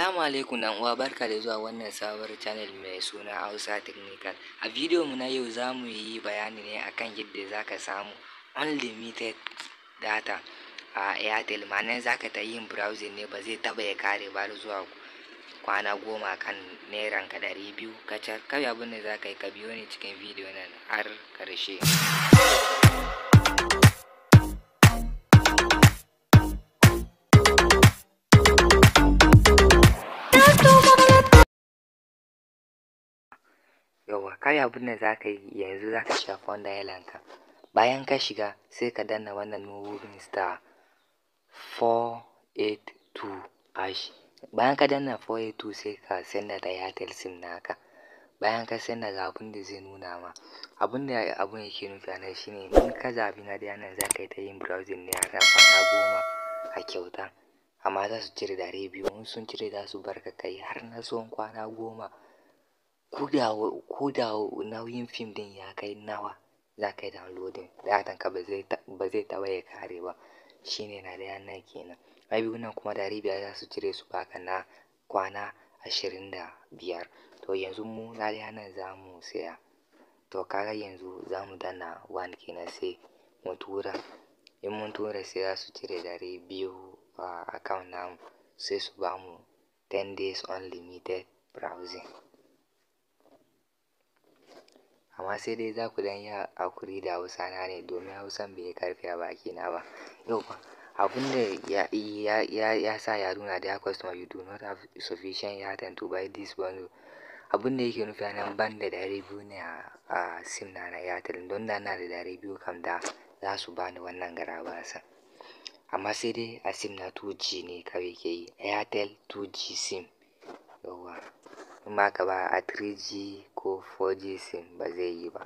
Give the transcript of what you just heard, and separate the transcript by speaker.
Speaker 1: Assalamu alaikum dan uwa barka da zuwa wannan sabuwar channel mai suna Hausa Technical. A video mu na yau za mu yi bayani ne akan yadda za ka samu unlimited data a Airtel ma'ana zaka ka ta yin browsing ne ba zai taba ya kare ba zuwa kwana goma kan neran ka ɗari biyu kacar kawai abin da za ka yi ka biyo ni cikin video nan har karshe. yauwa kawai abin da za ka yi yanzu za ka shiga founder ka bayan ka shiga sai ka danna wannan wurin star 482 hash bayan ka danna 482 sai ka senda da airtel sim naka bayan ka senda ga abin da zai nuna ma abin da abin yake nufi a nan shine in ka zabi na daya nan za ka yi ta yin browsing ne har kwana goma a kyauta amma za su cire dare biyu in sun cire za su bar ka kai har na tsawon kwana goma ko da nauyin fim ɗin ya kai nawa za ka yi downloading datanka ba zai taɓa ya kare ba shi ne na da nan kenan na biyu nan kuma ɗari biyar za su cire su baka na kwana ashirin da biyar to yanzu mu na ɗaya za mu saya to kaga yanzu za mu dana one kenan sai mu tura in mun tura sai za su cire ɗari biyu a account namu sai su bamu 10 days unlimited browsing amma sai dai za ku dan yi hakuri da Hausa na ne domin Hausan bai yi ƙarfi a bakina ba. Yauwa, abun da ya, sa yaro na da ya dear customer you do not have sufficient yarden to buy this bundle. Abun da yake nufi anan ban da ɗari biyu ne a, sim na na Airtel don da na da ɗari biyu kam da za su bani wannan garaɓasan. Amma sai dai a sim na 2G ne kawai ke yi, Airtel 2G sim. in ma haka ba a 3G ko 4G sim ba zai yi ba.